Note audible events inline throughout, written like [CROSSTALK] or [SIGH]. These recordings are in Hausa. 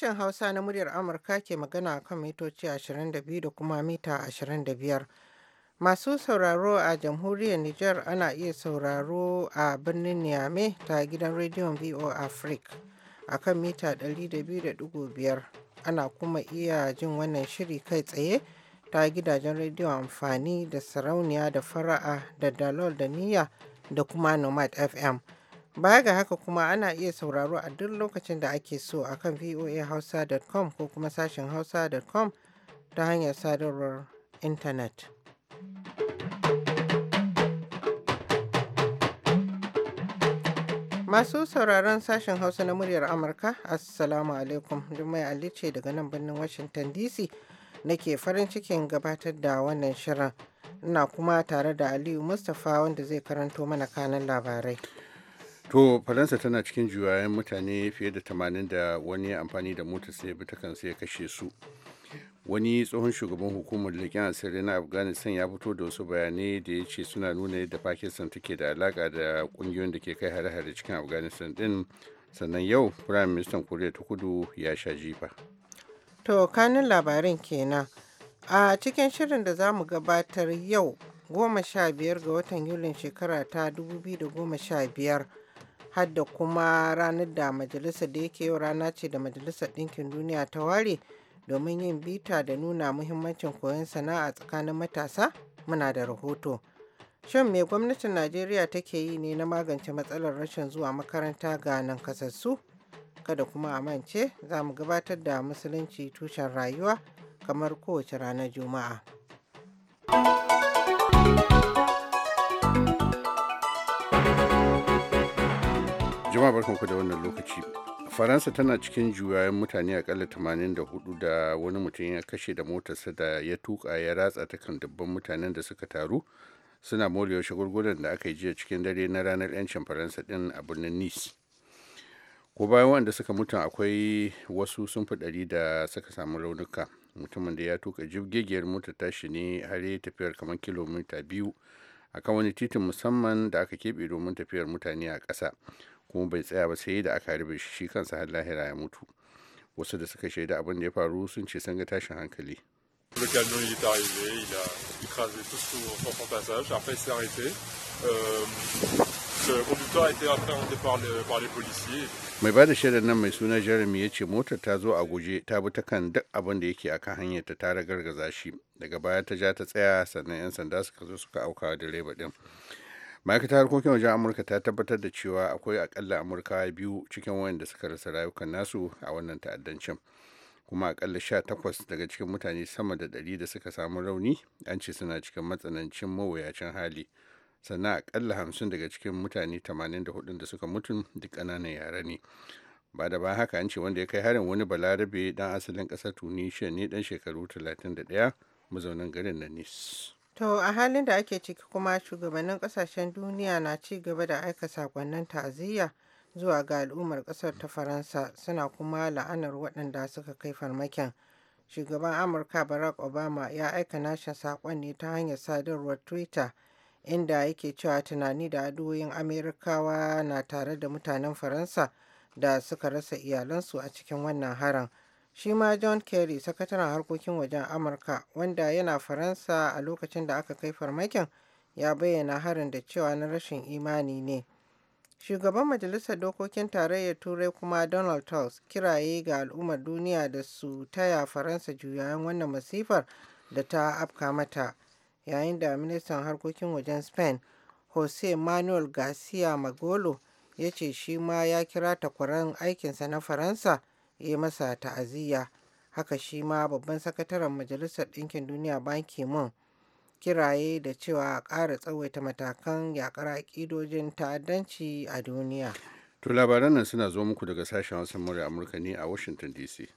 Sashen Hausa na muryar Amurka ke magana kan mitoci 22 da kuma mita 25. Masu sauraro a jamhuriyar niger ana iya sauraro a birnin Niamey ta gidan rediyon VOA Africa a kan mita 200.5. Ana kuma iya jin wannan shiri kai tsaye ta gidajen rediyon amfani da sarauniya da fara'a da dalol da niyya da kuma nomad FM. Baya ga haka kuma ana iya sauraro a duk lokacin da ake so a kan voahausa.com ko kuma sashen hausa.com ta hanyar sadarwar intanet. Masu sauraron sashen Hausa na muryar Amurka, Assalamu alaikum, Jummai mai ce daga nan birnin Washington DC nake farin cikin gabatar da wannan shirin. Ina kuma tare da Aliyu Mustapha wanda zai karanto mana kanan labarai. To Faransa tana cikin juyayen mutane fiye da tamanin da wani amfani da mota sai bi takan sai ya kashe su. Wani tsohon shugaban hukumar leƙen asiri na Afghanistan ya fito da wasu bayanai da ya ce suna nuna yadda Pakistan take da alaka da ƙungiyoyin da ke kai hare-hare cikin Afghanistan din sannan yau Firayim Ministan Koriya ta Kudu ya sha jifa. To kanin labarin kenan. A cikin shirin da za mu gabatar yau goma sha biyar ga watan Yulin shekara ta da goma sha biyar. har da kuma ranar da Majalisa da yake yau rana ce da majalisar ɗinkin duniya ta ware domin yin bita da nuna muhimmancin koyon sana'a tsakanin matasa muna da rahoto shin me gwamnatin najeriya take yi ne na magance matsalar rashin zuwa makaranta ga nan kasassu kada kuma a mance za mu gabatar da musulunci tushen rayuwa kamar kowace ranar juma'a. Jama'a barkanku da wannan lokaci. Faransa tana cikin juyayen mutane akalla 84 da wani mutum ya kashe da motarsa da ya tuka ya ratsa ta kan dubban mutanen da suka taru suna morewa shagulgulan da aka yi jiya cikin dare na ranar 'yancin Faransa din a birnin Nice. Ko bayan wanda suka mutu akwai wasu sun fi ɗari da suka samu raunuka. Mutumin da ya tuka jibgegiyar motar tashi ne har ya tafiyar kamar kilomita biyu akan wani titin musamman da aka keɓe domin tafiyar mutane a ƙasa. kuma bai tsaya ba sai da aka harbe shi kansa har lahira ya mutu wasu da suka shaida abin da ya faru sun ce sun ga tashin hankali Le camion il est arrivé, il a écrasé tout sur son passage, après il s'est arrêté. le euh, conducteur a été appréhendé par, le, par les policiers. Mai ba da nan mai suna Jeremy ya ce motar ta zo a guje ta bi ta kan duk abin da yake akan hanyar ta tara gargaza shi. Daga baya ta ja ta tsaya sannan 'yan sanda suka zo suka auka direba din. ma'aikatar harkokin wajen amurka ta tabbatar da cewa akwai akalla amurka biyu cikin wayanda suka rasa rayukan nasu a wannan ta'addancin kuma akalla sha takwas daga cikin mutane sama da ɗari da suka samu rauni an ce suna cikin matsanancin mawuyacin hali sannan akalla hamsin daga cikin mutane tamanin da hudun da suka mutu duk ƙananan yara ne ba da ba haka an ce wanda ya kai harin wani balarabe dan asalin ƙasar tunisia ne dan shekaru 31 mazaunin garin na nice To a halin da ake ciki kuma shugabannin kasashen duniya na ci gaba da aika sakonnin ta'aziyya zuwa ga al'ummar kasar ta Faransa suna kuma la'anar waɗanda suka kai farmakin. Shugaban Amurka Barack Obama ya aika nashin sakon ne ta hanyar sadarwar Twitter inda yake cewa tunani da adoyin Amerikawa na tare da mutanen Faransa da suka rasa iyalansu a cikin wannan haran. Shi ma John Kerry, sakataren harkokin wajen Amurka, wanda yana Faransa a lokacin da aka kai farmakin, ya bayyana harin da cewa na rashin imani ne. Shugaban Majalisar Dokokin Tarayyar Turai kuma Donald Tusk kiraye ga al'ummar duniya da su taya Faransa juyayen wannan masifar da ta afka mata, yayin da ministan harkokin wajen Spain, Jose Manuel Garcia Magolo, ya ce shi ma ya kira takwaran aikinsa na Faransa yi masa ta'aziyya haka shi ma babban sakataren majalisar ɗinkin duniya ban ki kiraye da cewa a ƙara tsawaita matakan yakar ƙidojin ta'addanci a duniya to labaran nan suna zo muku daga sashen wasan murya amurka ne a washington dc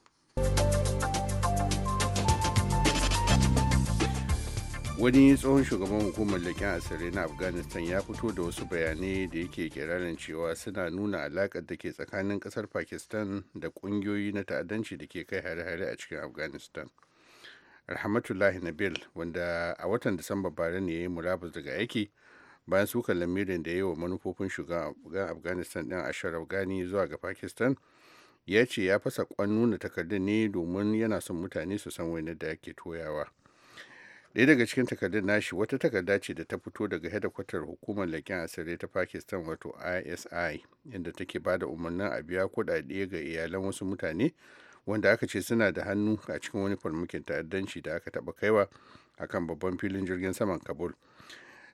wani tsohon shugaban hukumar leƙen asirai na afghanistan ya fito da wasu bayanai da yake kiranin cewa suna nuna alaƙar da ke tsakanin ƙasar pakistan da ƙungiyoyi na ta'addanci da ke kai hare-hare a cikin afghanistan rahmatullahi nabil wanda a watan disamba bara ne ya yi murabus daga aiki bayan su lamirin da ya yi wa manufofin shugaban afghanistan ɗin ashraf gani zuwa ga pakistan ya ce ya fasa kwan nuna takardun ne domin yana son mutane su san wani da ake toyawa ɗaya daga cikin takardun nashi wata takarda ce da ta fito daga hedakwatar hukumar leƙen asirai ta pakistan wato isi inda take ba da umarnin a biya kuɗaɗe ga iyalan wasu mutane wanda aka ce suna da hannu a cikin wani farmakin ta'addanci da aka taɓa kaiwa a kan babban filin jirgin saman kabul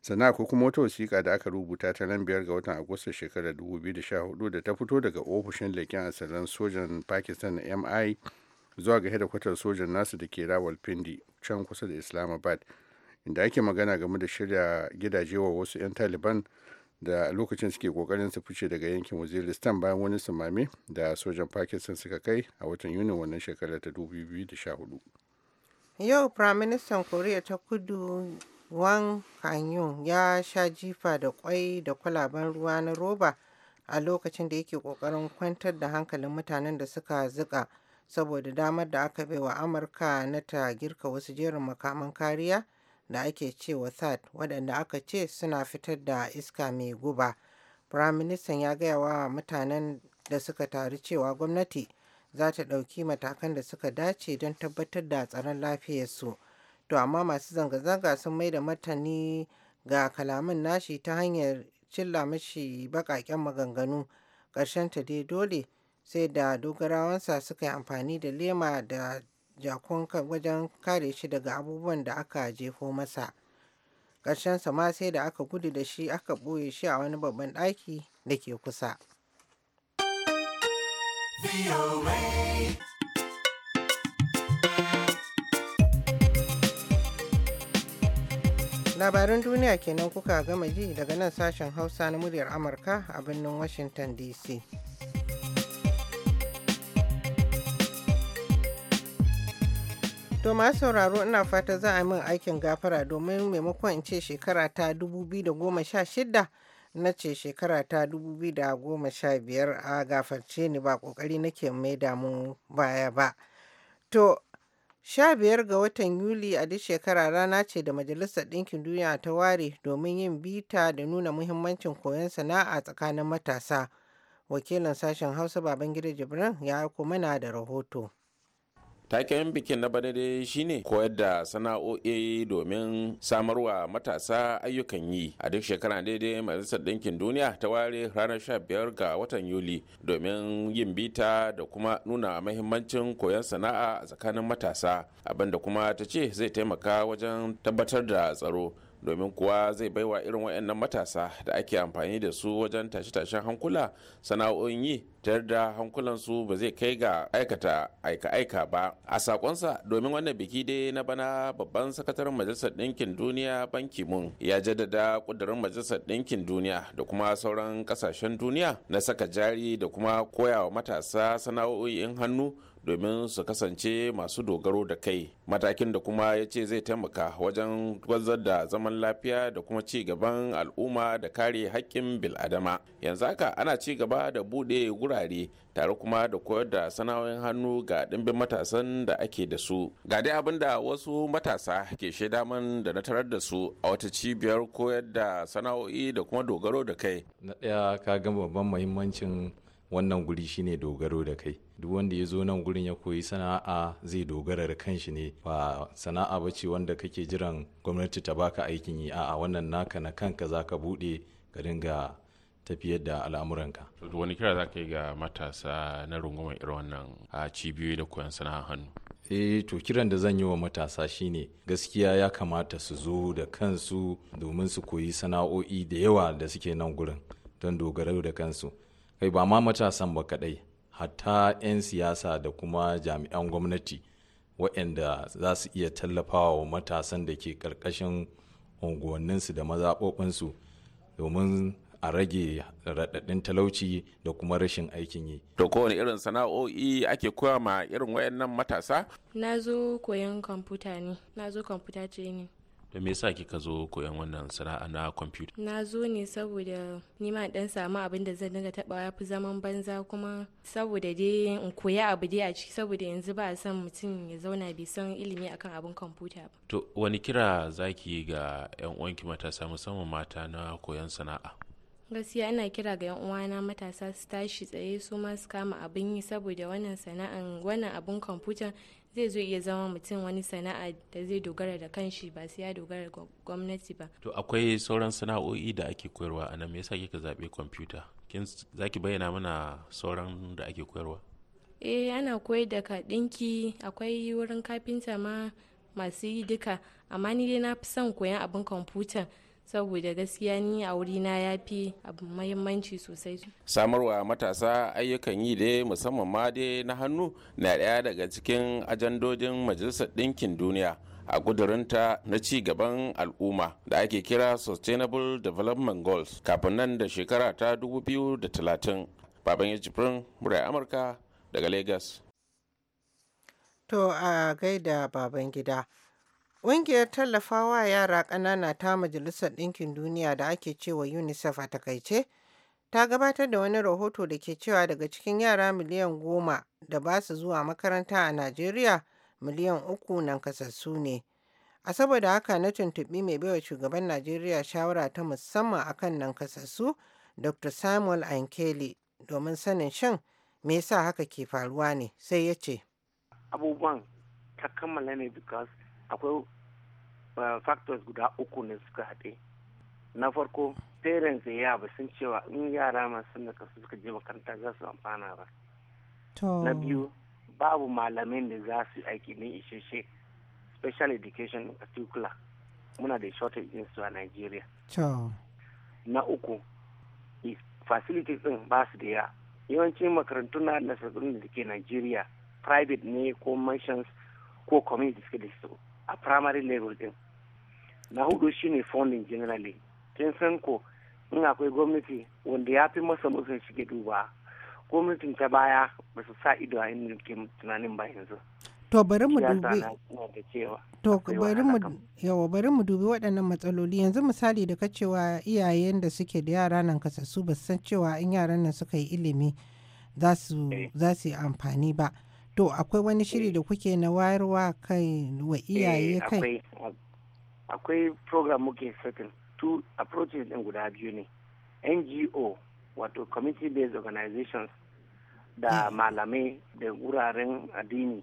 sannan akwai kuma wata wasiƙa da aka rubuta ta nan biyar ga watan agusta shekarar 2014 da ta fito daga ofishin leƙen asirin sojan pakistan mi zuwa ga hedakwatar sojan nasu da ke rawal pindi. can kusa da islamabad inda ake magana game da shirya gidaje wa wasu 'yan taliban da lokacin suke kokarin su fice daga yankin waziristan bayan wani sumame da sojan pakistan suka kai a watan yuni wannan shekara ta 2014 yau firaministan koriya ta kudu wang kanyun ya sha jifa da kwai da kwalaban ruwa na roba a lokacin da yake kokarin kwantar da hankalin mutanen da suka zuka saboda damar da aka bai wa amurka na ta girka wasu jerin makaman kariya da ake cewa sat waɗanda aka ce suna fitar da iska mai guba firaministan ya gaya wa mutanen da suka taru cewa gwamnati za ta ɗauki matakan da suka dace don tabbatar da tsaron lafiyarsu to amma masu zanga-zanga sun mai da martani ga kalamin nashi ta hanyar cilla mashi baƙaƙen maganganu ƙarshen ta dai dole sai da dogarawansa suka yi amfani da lema da jakun wajen kare shi daga abubuwan da aka jefo masa ƙarshensa ma sai da aka gudu da shi aka ɓoye shi a wani babban ɗaki da ke kusa labarin duniya kenan kuka gama ji daga nan sashen hausa na muryar amurka a birnin washington dc To ma sauraro ina fata za a min aikin gafara domin maimakon in ce shekara ta 2016 na ce shekara ta 2015 a gafarce ni ba kokari nake mai damu baya ba. To, sha ga watan Yuli a duk shekara rana ce da Majalisar Ɗinkin Duniya ta ware domin yin bita da nuna muhimmancin koyon sana'a tsakanin matasa. Wakilin sashen Hausa Babangida Jibrin ya aiko mana da rahoto. taken bikin na bana dai shine koyar da sana'o'i domin samarwa matasa ayyukan yi a duk shekara daidai majalisar ɗinkin duniya ta ware ranar 15 ga watan yuli domin yin bita da kuma nuna mahimmancin koyon sana'a a tsakanin matasa abinda kuma ta ce zai taimaka wajen tabbatar da tsaro domin kuwa zai baiwa irin waɗannan matasa da ake amfani da su wajen tashe-tashen hankula sana'o'in yi tare da hankulansu ba zai kai ga aikata aika-aika ba a sakonsa domin wannan biki dai na bana babban sakataren majalisar ɗinkin duniya banki mun ya jaddada ƙudurin majalisar ɗinkin duniya da kuma sauran ƙasashen duniya na saka jari da kuma koyawa matasa sana'o'in hannu domin su kasance masu dogaro da kai matakin da kuma ya ce zai taimaka wajen gwazar da zaman lafiya da kuma ci gaban al'umma da kare haƙƙin biladama yanzu haka ana ci gaba da buɗe gurare tare kuma da koyar da sana'o'in hannu ga ɗimbin matasan da ake da su ga dai abin da wasu matasa ke shaida man da na tarar da su a wata cibiyar koyar da sana'o'i da kuma dogaro da kai na ɗaya ka ga babban muhimmancin wannan guri shine dogaro da kai duk wanda ya zo nan gurin ya koyi sana'a zai dogara da kanshi ne ba sana'a ba ce wanda kake jiran gwamnati ta baka aikin yi a'a wannan naka na kanka zaka bude ka dinga tafiyar da al'amuranka. wani kira za ka yi ga matasa na rungumar irin wannan a cibiyoyi da koyon sana'a hannu eh to kiran da zan yi wa matasa shine gaskiya ya kamata su zo da kansu domin su koyi sana'o'i da yawa da suke nan gurin don dogaro da kansu kai ba ma matasan ba kaɗai hatta 'yan siyasa da kuma jami'an gwamnati waɗanda za su iya tallafawa wa matasan da ke ƙarƙashin unguwanninsu da mazaɓoɓinsu domin a rage raɗaɗin talauci da kuma rashin aikin yi. To kowane irin sana'o'i ake koya ma irin wayannan matasa? Na zo koyon kwamfuta ne, na zo kwamfuta ce ne. da me yasa kika zo koyan wannan sana'a na kwamfuta na zo ne saboda nima dan samu abin da zan dinga tabawa ya fi zaman banza kuma saboda dai in koya abu dai a ciki saboda yanzu ba a san mutum ya zauna bai san ilimi akan abin kwamfuta ba to wani kira zaki ga yan uwanki matasa musamman mata na koyon sana'a gaskiya ina kira ga 'yan uwana matasa su tashi tsaye su ma su kama abin yi saboda wannan sana'an wannan abin kwamfuta zai zo iya zama mutum wani sana'a da zai dogara da kanshi ba sai ya dogara ga gwamnati ba to akwai sauran sana'o'i da ake koyarwa a nan me yasa kika zabe kwamfuta kin zaki bayyana mana sauran da ake koyarwa eh ana koyar da ka dinki akwai wurin kafinta ma masu yi duka amma ni dai na fi son koyan abin kwamfuta saboda gaskiya ni a na ya fi abu mahimmanci sosai samarwa matasa ayyukan yi dai musamman ma dai na hannu na ɗaya daga cikin ajandojin majalisar ɗinkin duniya a kudurinta na ci gaban al'umma da ake kira sustainable development goals kafin nan da shekara ta 2030 baban ya jibrin murai amurka daga lagos to a gaida baban gida Ƙungiyar tallafawa yara ƙanana ta Majalisar Ɗinkin Duniya da ake cewa UNICEF a takaice, ta gabatar da wani rahoto da ke cewa daga cikin yara miliyan goma da ba su zuwa makaranta a Najeriya, miliyan uku nan kasassu ne. A saboda haka na tuntuɓi mai baiwa shugaban Najeriya shawara ta musamman a kan nan kasassu, Dr. Samuel Ankeli, domin sanin shan me yasa haka ke faruwa ne, sai ya ce. Abubuwan ta kammala ne because akwai factors guda uku ne suka haɗe na farko parents da yaba sun cewa in yara masu su suka je makaranta za su amfana ba na biyu babu malamai da za su aiki ne isheshe special education in particular muna da shortage din su a nigeria na uku facilities din ba su da ya yawancin makarantu na da ke nigeria private ne ko mansions ko community suke da su a primary level din na hudu shine funding generally kin san ko in akwai gwamnati wanda ya fi masa musu shige duba gwamnatin ta baya ba su sa ido a inda ke tunanin ba yanzu to bari mu dubi to bari mu yawa bari mu dubi waɗannan matsaloli yanzu misali da ka cewa iyayen da suke da yara nan kasassu ba san cewa in yaran nan suka yi ilimi za su eh. yi amfani ba To akwai wani shiri eh. da kuke na wayarwa kai wa iyaye eh, kai? Akwai program muke sakin two approaches din guda biyu ne. NGO wato community based organizations da mm. malamai da wuraren addini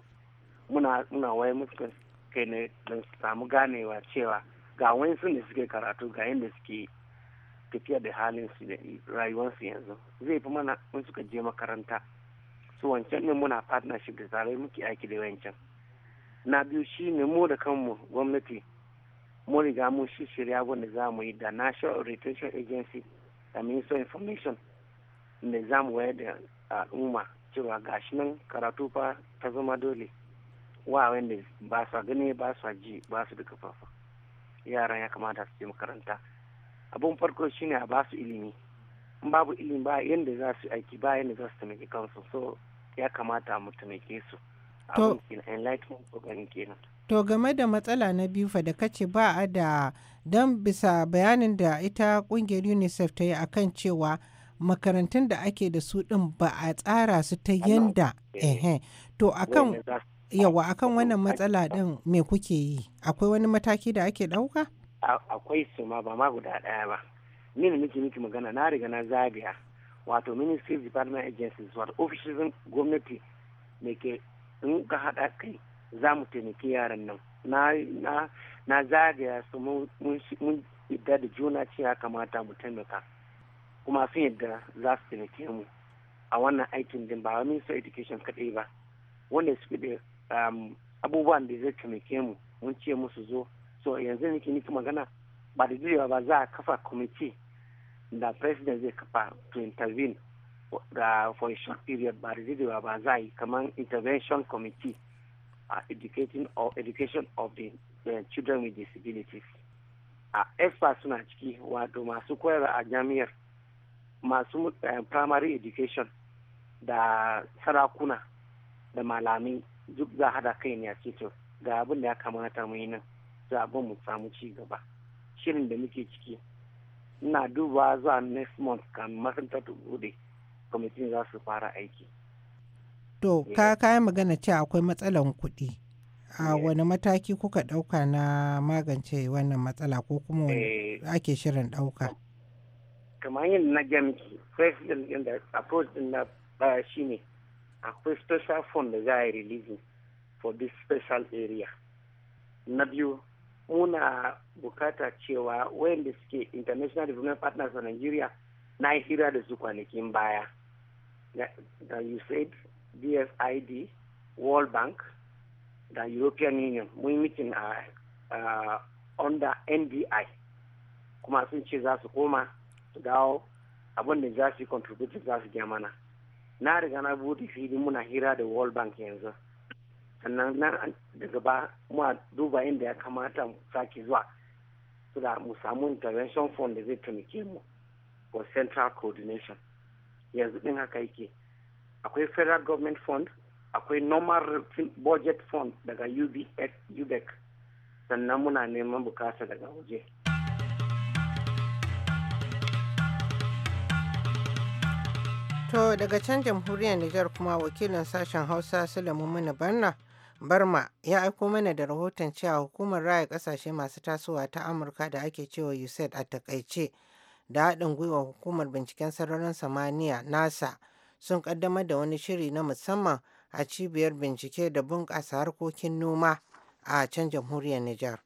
muna muna wayar musu kai ne don samu ganewa cewa ga wani sun da suke karatu ga yadda suke tafiya da halin su da rayuwarsu yanzu zai fi mana in suka je makaranta su wancan ne muna partnership da zarai muke aiki da wancan na biyu shi ne mu da kanmu gwamnati mun riga mun shi shirya wanda za mu yi da national retention agency da minister information da za mu wayar da al'umma cewa gashi nan karatu fa ta zama dole wa wanda ba su gani ba su ji ba su da kafafa yaran ya kamata su je makaranta abun farko shine a ba su ilimi in babu ilimi ba yadda za su aiki ba yadda za su taimaki kansu so ya kamata a mutumake su to enlightenment to game da matsala na biyu fa da kace ba a da don bisa bayanin da ita kungiyar unicef ta yi akan cewa makarantun da ake da su din ba a tsara su ta yanda eh. ehe to akan yawa akan wannan matsala din me kuke yi akwai wani mataki da ake dauka akwai su ma ba ma guda daya ba ni ne miki miki magana na riga na zabiya wato ministry department agencies wato ofishin gwamnati da ke in ka haɗa kai za mu taimaki yaran nan na zagaya su mun yadda da juna cewa kamata mu taimaka kuma sun yadda za su taimake mu a wannan aikin din ba minister education kaɗai ba wanda suke da um, abubuwan da zai taimake mu mun ce musu zo so yanzu nake niki magana ba da jirewa ba za a kafa kwamiti da president zai kafa to intervene da for a short period ba da ba za yi kamar intervention committee uh, educating or education of the, the children with disabilities a uh, suna ciki wato masu koyarwa a jami'ar masu eh, primary education da sarakuna da malamai duk za hada kai ne a ceto ga abin da ya kamata mu yi nan za abin mu samu ci gaba shirin da muke ciki ina duba zuwa next month kan makarantar ta bude kwamitin za su fara aiki to eh. ka kayan magana ce akwai matsalan kuɗi a eh. wani mataki kuka ɗauka na magance wannan matsala ko kuma eh. ake shirin ɗauka kamar yin na gamki first din da approach din na shi ne akwai special fund da za a yi releasing for this special area na biyu muna bukata cewa wayanda suke international development partners a nigeria na hira da su kwanakin baya da usaid dfid world bank da european union mun mitin a uh, under ndi kuma sun ce za su koma su dawo abin da za su yi contributing za su mana na riga na bude fili muna hira da world bank yanzu sannan daga ba mu duba inda ya kamata mu sake zuwa so that mu samu intervention fund da zai taimake mu for central coordination yanzu din haka yake akwai federal government fund akwai normal budget fund daga ubec sannan muna neman bukata daga waje to daga can jamhuriyar nijar kuma wakilin sashen hausa sulemu mana barna Barma ya aiko mana da rahoton cewa hukumar raya kasashe masu tasowa ta Amurka da ake cewa USAID a takaice da haɗin gwiwa hukumar binciken sararin samaniya NASA sun ƙaddamar da wani shiri na musamman a cibiyar bincike da bunƙasa harkokin noma a can jamhuriyar Nijar.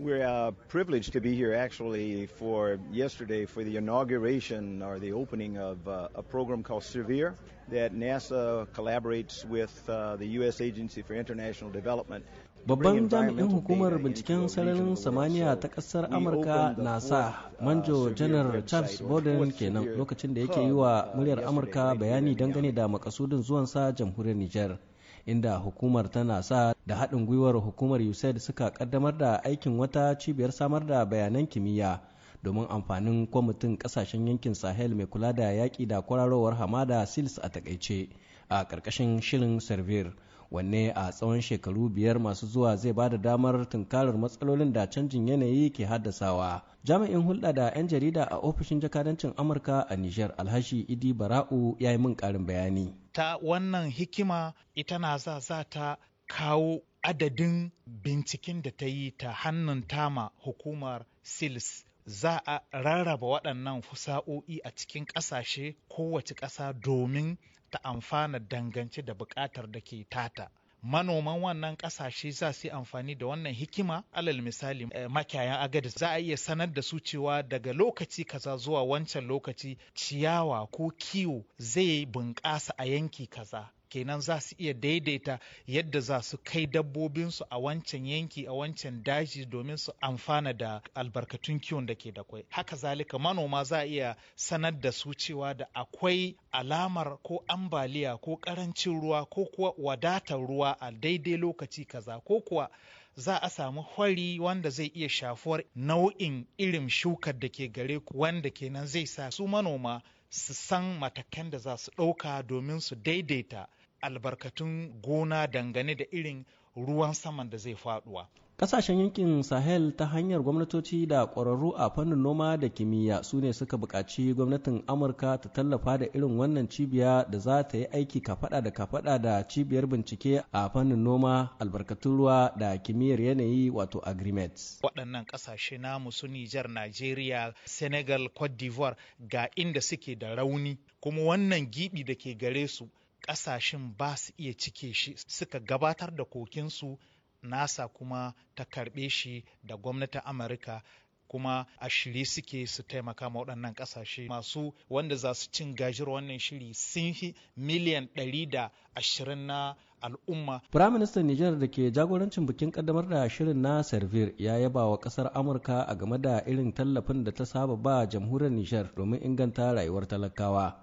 We're uh, privileged to be here actually for yesterday for the inauguration or the opening of uh, a program called Severe that NASA collaborates with uh, the U.S. Agency for International Development. Babban jami'in hukumar binciken sararin samaniya ta kasar Amurka NASA uh, Manjo Janar Charles Bowden kenan lokacin da yake yi wa uh, muryar Amurka bayani dangane da makasudin zuwansa jamhuriyar Nijar. inda hukumar tana sa da haɗin gwiwar hukumar USAID suka ƙaddamar da aikin wata cibiyar samar da bayanan kimiyya domin amfanin kwamitin ƙasashen yankin sahel mai kula da yaƙi da kwararowar hamada sils a takaice a ƙarƙashin shirin servir wanne a tsawon shekaru biyar masu zuwa zai ba da damar tunkarar matsalolin da canjin yanayi ke haddasawa jami'in hulɗa da 'yan jarida a ofishin jakadancin amurka a niger alhashi idi bara'u ya yi min ƙarin bayani ta wannan hikima ita na za za ta kawo adadin binciken da ta yi ta hannun tama hukumar sils za a rarraba waɗannan fusa'o'i a cikin ƙasashe kowace ƙasa domin ta amfana dangance da buƙatar da ke tata manoman wannan kasashe za su yi amfani da wannan hikima alal misali eh, makiyayan agadi za a iya sanar da su cewa daga lokaci kaza zuwa wancan lokaci ciyawa ko kiwo zai bunƙasa a yanki kaza kenan za su iya daidaita yadda za su kai dabbobinsu a wancan yanki a wancan daji domin su amfana da albarkatun kiwon da ke da kwai haka zalika manoma za a iya sanar da su cewa da akwai alamar ko ambaliya ko karancin ruwa ko kuwa wadatar ruwa a daidai lokaci kaza ko kuwa za a samu hwari wanda zai iya shafuwar nau'in irin shukar da ke gare ku wanda kenan zai sa su manoma su san matakan da za su ɗauka domin su daidaita albarkatun gona dangane da irin ruwan saman da zai faduwa. Kasashen yankin Sahel ta hanyar gwamnatoci da ƙwararru a fannin noma da kimiyya su ne suka buƙaci gwamnatin Amurka ta tallafa da irin wannan cibiya da za ta yi aiki kafaɗa da kafaɗa da cibiyar bincike a fannin noma albarkatun ruwa da kimiyyar yanayi wato agreement. Waɗannan ƙasashe namu su Nijar, Najeriya, Senegal, Cote d'Ivoire ga inda suke da rauni kuma wannan gibi da ke gare su kasashen ba su iya cike shi suka gabatar da kokinsu nasa kuma ta karbe shi da gwamnatin amurka kuma a shirye suke su taimaka ma waɗannan ƙasashe masu wanda za su cin gajir wannan shiri sun fi miliyan 120 na al'umma. Firaministan Nijar da ke jagorancin bikin kaddamar da shirin na Servir ya yaba wa ƙasar Amurka a game da irin tallafin da ta saba ba jamhuriyar Nijar domin inganta rayuwar talakawa.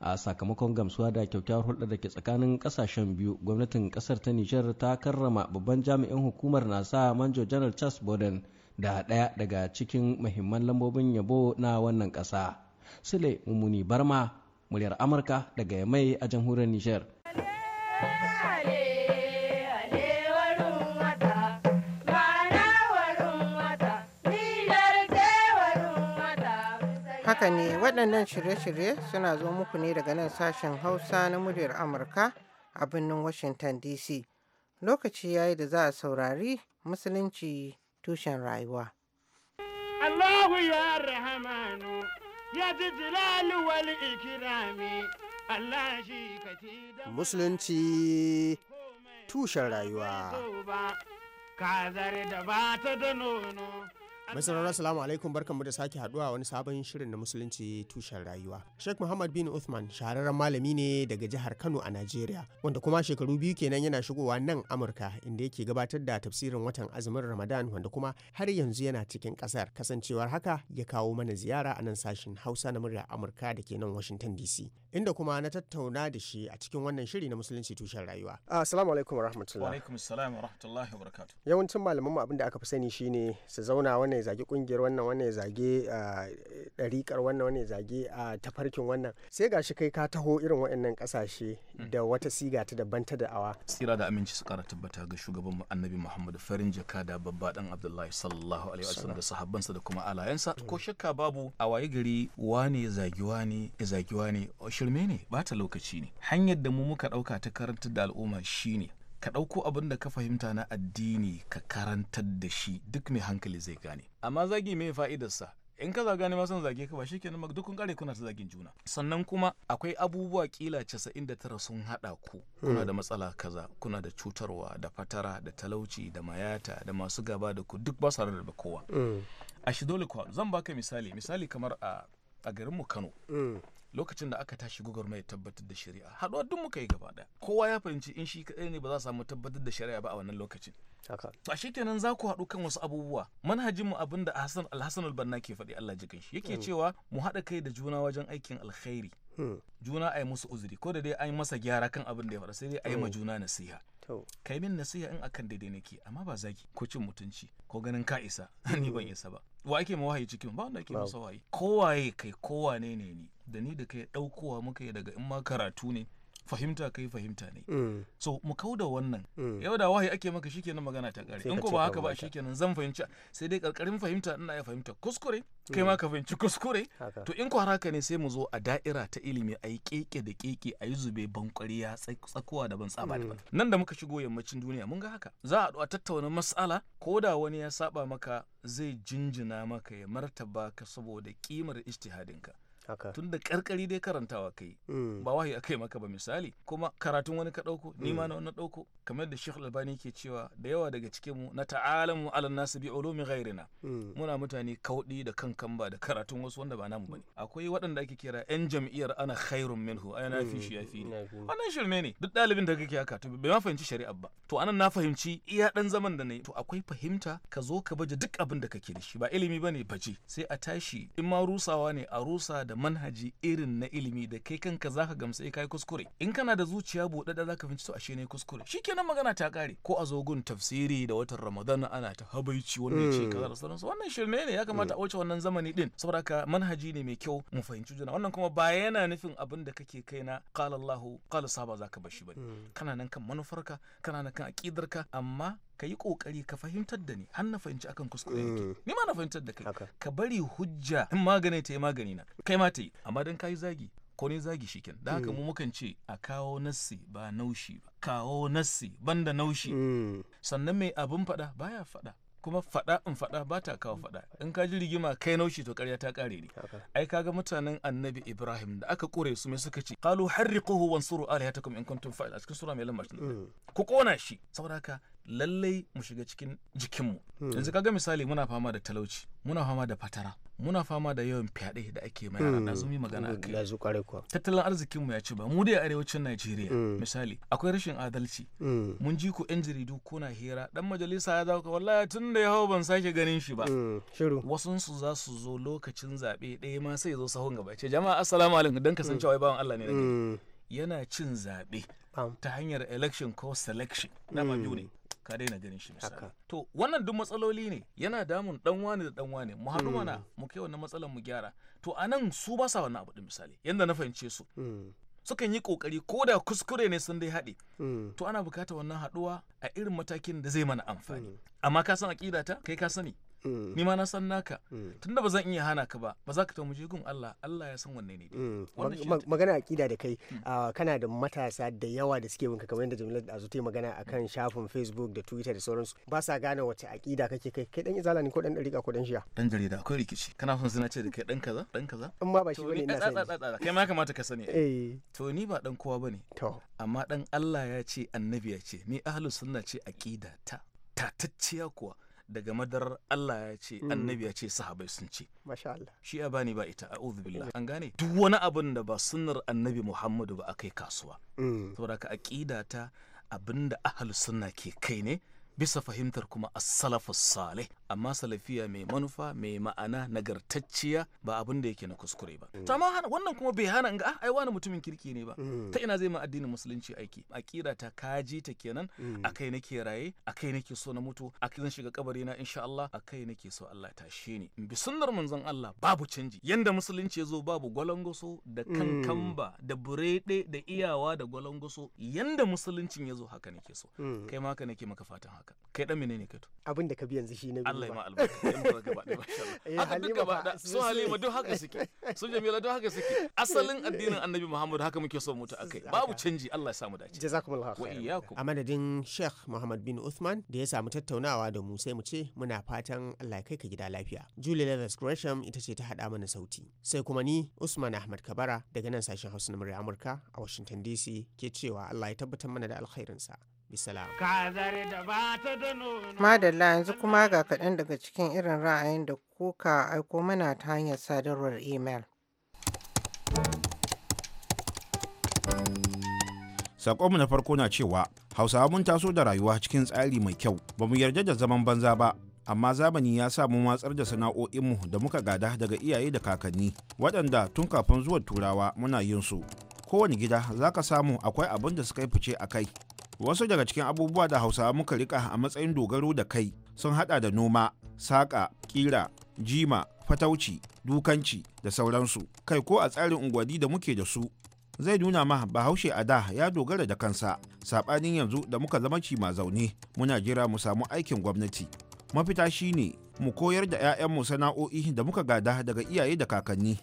a sakamakon gamsuwa da kyakkyawar hulɗa da ke tsakanin ƙasashen biyu gwamnatin ƙasar ta nijar ta karrama babban jami'in hukumar nasa manjo janar charles borden da ɗaya daga cikin mahimman lambobin yabo na wannan ƙasa sule muni barma muryar amurka daga mai a jamhuriyar nijar Haka ne waɗannan shirye-shirye suna zo muku ne daga nan sashen Hausa na muryar Amurka a birnin Washington DC. Lokaci ya yi da za a saurari Musulunci tushen rayuwa. Allahu ya rahamanu ya ji wal ikirami Musulunci tushen rayuwa. da ba da nono. Mai sauraron alaikum alaikum mu da sake haduwa wani sabon shirin na musulunci tushen rayuwa. Sheikh Muhammad bin Uthman shahararren malami ne daga jihar Kano a Najeriya wanda kuma shekaru biyu kenan yana shigowa nan Amurka inda yake gabatar da tafsirin watan azumin Ramadan wanda kuma har yanzu yana cikin kasar kasancewar haka ya kawo mana ziyara a nan sashen Hausa na murya Amurka da ke nan Washington DC inda kuma na tattauna da shi a cikin wannan shiri na musulunci tushen rayuwa. Assalamu alaikum Wa rahmatullahi wa barakatuh. Yawancin malaman mu abin da aka fi sani shine su zauna wani ya zage kungiyar wannan wannan ya zage ɗariƙar wannan wannan ya zage a tafarkin wannan sai gashi kai ka taho irin waɗannan ƙasashe hmm. da wata siga ta daban ta da'awa tsira da aminci su ƙara tabbata ga shugaban annabi muhammadu farin jaka da babba dan abdullahi sallallahu alaihi wasallam da sahabbansa da kuma alayansa ko hmm. shakka babu a waye gari wane ya zagi wane ya zagi wane shirme ne bata lokaci ne hanyar da mu muka ɗauka ta karantar da al'umma shine ka ɗauko abin da ka fahimta na addini ka karantar da shi duk mai hankali zai gane amma zagi mai fa'idarsa in ka zaga ne ma san zage ka ba shikenan duk kun kare kuna ta zagin juna sannan kuma akwai abubuwa kila 99 sun hada ku kuna da matsala kaza kuna da cutarwa da fatara da talauci da mayata da masu gaba da ku duk ba su da kowa mm. a shi dole kuwa zan baka misali misali kamar a a garinmu Kano mm. lokacin da aka tashi ya tabbatar da shari'a haɗuwa duk muka yi gaba ɗaya kowa ya fahimci in shi kaɗai ne ba za a samu tabbatar da shari'a ba a wannan lokacin to shi kenan za ku haɗu kan wasu abubuwa manhajin mu abin da Hassan Alhassan Albanna ke faɗi Allah jikin shi yake hmm. cewa mu haɗa kai da juna wajen aikin alkhairi hmm. juna a yi musu uzuri ko da dai an masa gyara kan abin da ya faɗa sai dai yi ma hmm. juna nasiha kai min nasiha in akan daidai nake amma ba zaki ko cin mutunci ko ganin ka isa [LAUGHS] ni ban isa ba wa ake ma wahayi cikin ba wanda ake masa wahayi kowaye kai kowane ne ni da ni da kai ɗaukowa muka yi daga in ma karatu ne fahimta kai fahimta ne mm. so mu kau da wannan mm. yau da wahayi ake maka shi kenan magana ta kare in ko ba haka ba shi kenan zan fahimci sai dai karkarin fahimta ina ya fahimta kuskure kai ma mm. ka fahimci kuskure to in ko haka ne sai mu zo a da'ira ta ilimi ayi keke da keke yi zube bankwariya tsakuwa da ban tsaba da nan da muka shigo yammacin duniya mun ga haka za a a tattauna mas'ala ko da wani ya saba maka zai jinjina maka ya martaba ka saboda kimar ka. tun da karkari dai karantawa kai mm. ba wahayi akai maka ba misali kuma karatun wani ka dauko ni ma mm. na dauko kamar da Sheikh Albani ke cewa da yawa daga cikin mu na ta'alamu ala nasu bi ulumi ghairina mm. muna mutane kaudi da kan ba da karatun wasu wanda ba namu bane akwai waɗanda ake kira yan jam'iyyar ana khairun minhu ai na fi shi yafi ni wannan shirme ne duk ɗalibin da kake haka to bai ma fahimci shari'a ba to anan na fahimci iya dan zaman da nayi to akwai fahimta ka zo ka baje duk abin da kake da shi ba ilimi bane bace sai a tashi in ma rusawa ne a rusa da manhaji irin na ilimi da kai kanka zaka gamsa eh, kai kuskure in kana da zuciya buɗaɗɗa zaka fahimci to ashe ne kuskure shikenan magana ta kare ko a zogun tafsiri da watan Ramadan ana ta habaici wannan ya ce kaza da sauransu wannan shirme ne ya kamata a wuce wannan zamani din saboda ka manhaji ne mai kyau mu fahimci juna wannan kuma ba yana nufin abin da kake kai na qala allah qala sahaba zaka bashi bane hmm. kana nan kan manufarka kana nan kan aqidarka amma ka yi kokari ka fahimtar da ni har na fahimci akan kuskure yake mm. ni ma na fahimtar da kai ka bari hujja in magani ta yi magani na kai ma ta yi amma dan kayi zagi ko ne zagi shiken da haka mu mm. mukan ce a kawo nassi ba naushi ba kawo nassi banda naushi mm. sannan mai abin fada baya fada kuma faɗa in faɗa ba ta kawo faɗa in ka ji rigima kai naushi to karya ta ƙare ne ai kaga mutanen annabi ibrahim da aka kore su mai suka ce qalu harriquhu wansuru alihatakum in kuntum fa'il a cikin sura mai lamba ku kona shi saboda haka lallai mu shiga cikin jikinmu hmm. yanzu kaga misali muna fama da talauci muna fama da fatara muna fama da yawan fyaɗe da ake mai yara na hmm. zumi magana a kai tattalin arzikinmu ya ci ba mu da arewacin najeriya hmm. misali akwai rashin adalci mun ji ku yan jaridu ko na hira dan majalisa ya zaka wallahi tun da ya hau ban sake ganin shi ba wasun su za su zo lokacin zaɓe ɗaya ma sai ya zo sahun gaba ce jama'a assalamu alaikum dan wai bawan Allah ne yana cin zaɓe ta hanyar election ko selection biyu ne ka daina ganin shi misali to wannan duk matsaloli ne yana damun dan wani da dan wani mu haɗu hmm. mana mu kai wannan matsalan mu gyara to anan su ba sa wannan abu din misali yanda na fahimce su hmm. sukan yi kokari ko da kuskure ne sun dai haɗe hmm. to ana bukata wannan haɗuwa a irin matakin da zai mana amfani amma ka san aƙida ta kai ka sani Mm. ni ma na san naka mm. tunda ba zan iya hana ka ba ba za ka ta muje gun Allah Allah ya san wanne ne mm. magana akida da kai ah, kana da matasa da yawa da suke binka kamar yadda Jamilu da ta magana akan shafin Facebook da Twitter da sauransu ba sa gane wace akida kake kai kai dan izala ne ko dan dariƙa ko dan shiya dan jarida akwai rikici kana son suna ce da kai dan kaza dan kaza in ma ba shi bane ina sani kai ma kamata ka sani eh. to ni ba dan kowa bane to amma dan Allah ya ce annabi ya ce ni ahlus sunna ce akida ta tatacciya kuwa daga madarar Allah ya ce mm. annabi ya ce sahabai sun ce masha Allah shi ya bani ba ita a'udhu billah eh. an gane duk wani abin da ba sunnar annabi Muhammadu ba akai kasuwa mm. saboda ka aqida ta abinda ahlus sunna ke kai ne bisa fahimtar kuma as-salafus salih amma salafiya mai manufa mai ma'ana nagartacciya ba abin da yake na kuskure ba to amma wannan kuma bai hana ga ah, ai wani mutumin kirki ne ba mm. ta ina zai ma addinin musulunci aiki akida ta kaji ta kenan mm. akai nake raye akai nake so na mutu akai zan shiga kabari na insha Allah akai nake so Allah ta shi ni bi sunnar manzon Allah babu canji yanda musulunci ya zo babu gwalangoso da mm. kankamba da burede da iyawa da gwalangoso yanda musuluncin ya zo haka nake so kai ma haka nake maka fatan haka kai dan menene ka to abin da ka bi yanzu shi na Allah ya ma albarka Allah eh, haka haka asalin addinin annabi muhammadu haka muke so mutu akai babu canji Allah ya samu dace khair. wa iyyakum a madadin Sheikh Muhammad bin Uthman da ya samu tattaunawa da mu sai mu ce muna fatan Allah ya kai ka gida lafiya Julie Leathers Gresham ita ce ta hada mana sauti sai kuma ni Usman Ahmad Kabara daga nan sashen Hausa na Amurka a Washington DC ke cewa Allah ya tabbatar mana da alkhairinsa Bisalam. Madalla yanzu kuma ga kaɗan daga cikin irin ra'ayin da kuka aiko mana ta hanyar sadarwar imel. Sakonmu na farko na cewa Hausawa mun taso da rayuwa cikin tsari mai kyau, ba mu yarda da zaman banza ba, amma zamani ya sa mu matsar da sana'o'inmu da muka gada daga iyaye da kakanni, waɗanda tun kafin zuwan turawa muna yin su. Kowane gida za ka samu akwai abin da suka yi fice a kai, wasu daga cikin abubuwa da hausawa muka rika a matsayin dogaro da kai sun hada da noma saƙa ƙira jima fatauci dukanci da sauransu kai ko a tsarin unguwanni da muke da su zai nuna ma bahaushe a da ya dogara da kansa saɓanin yanzu da muka zama cima zaune muna jira mu samu aikin gwamnati mafita ne mu koyar da 'ya'yanmu sana'o'i da muka gada daga iyaye da kakanni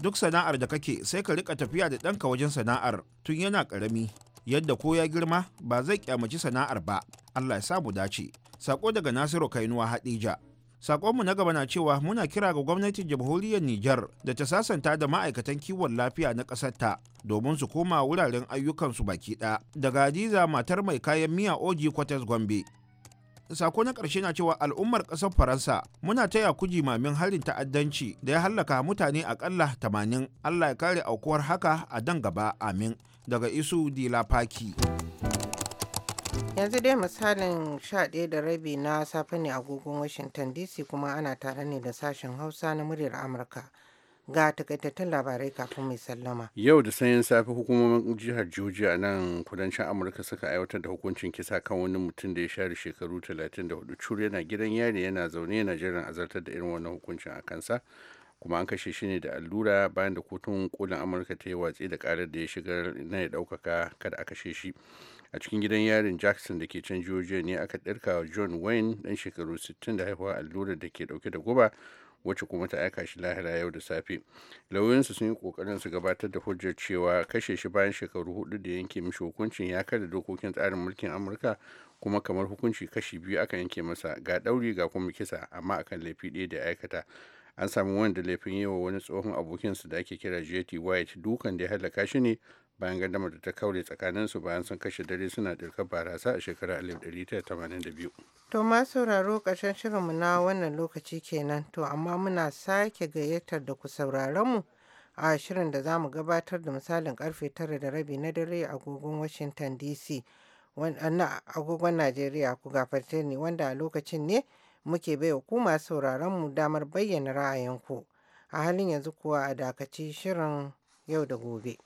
duk sana'ar da kake sai ka rika tafiya da ɗanka wajen sana'ar tun yana ƙarami yadda ko ya girma ba zai kyamaci sana'ar ba Allah ya samu dace sako daga Nasiru Kainuwa Hadija Sakonmu na gaba na cewa muna kira ga gwamnatin jamhuriyar Nijar da ta sasanta da ma'aikatan kiwon lafiya na ƙasar ta domin su koma wuraren ayyukan su baki ɗaya. Daga Hadiza matar mai kayan miya Oji Kwatas Gombe. Sako na ƙarshe na cewa al'ummar ƙasar Faransa muna taya ku jimamin harin ta'addanci da ya hallaka mutane aƙalla tamanin. Allah ya kare aukuwar haka a dan gaba amin. daga isu dila paki. yanzu dai misalin ɗaya da rabi na safe ne agogon washington dc kuma ana tare ne da sashen hausa na muryar amurka ga takaitattun labarai kafin mai sallama. Yau da sanyin safe hukumomin jihar Georgia nan kudancin Amurka suka aiwatar da hukuncin kisa kan wani mutum da ya share shekaru 34 cur yana gidan yari yana zaune yana jiran azartar da irin wannan hukuncin a kansa kuma an kashe shi ne da allura bayan da kotun kolin amurka ta yi watsi da karar da ya shigar na ya daukaka kada a kashe shi a cikin gidan yarin jackson da ke can jiya ne aka ɗirka john wayne dan shekaru 60 da haihuwa allurar da ke dauke da guba wacce kuma ta aika shi lahira yau da safe lauyoyinsu sun yi kokarin su gabatar da hujjar cewa kashe shi bayan shekaru hudu da yanke mishi hukuncin ya kada dokokin tsarin mulkin amurka kuma kamar hukunci kashi biyu aka yanke masa ga ɗauri ga kuma kisa amma akan laifi ɗaya da aikata an sami wanda laifin yi wa wani tsohon abokinsa da ake kira jt white dukan da ya halaka shi ne bayan gandama da ta kaure tsakaninsu bayan sun kashe dare suna ɗirkar barasa a shekarar 1982. To ma sauraro ƙarshen shirinmu na wannan lokaci kenan to amma muna sake gayyatar da ku sauraron mu a shirin da za mu gabatar da misalin karfe tara da rabi na dare a agogon Washington DC. agogon Najeriya ku gafarce ne wanda a lokacin ne muke bai wa kuma sauraron mu damar bayyana ra'ayinku. A halin yanzu kuwa a dakaci shirin yau da gobe.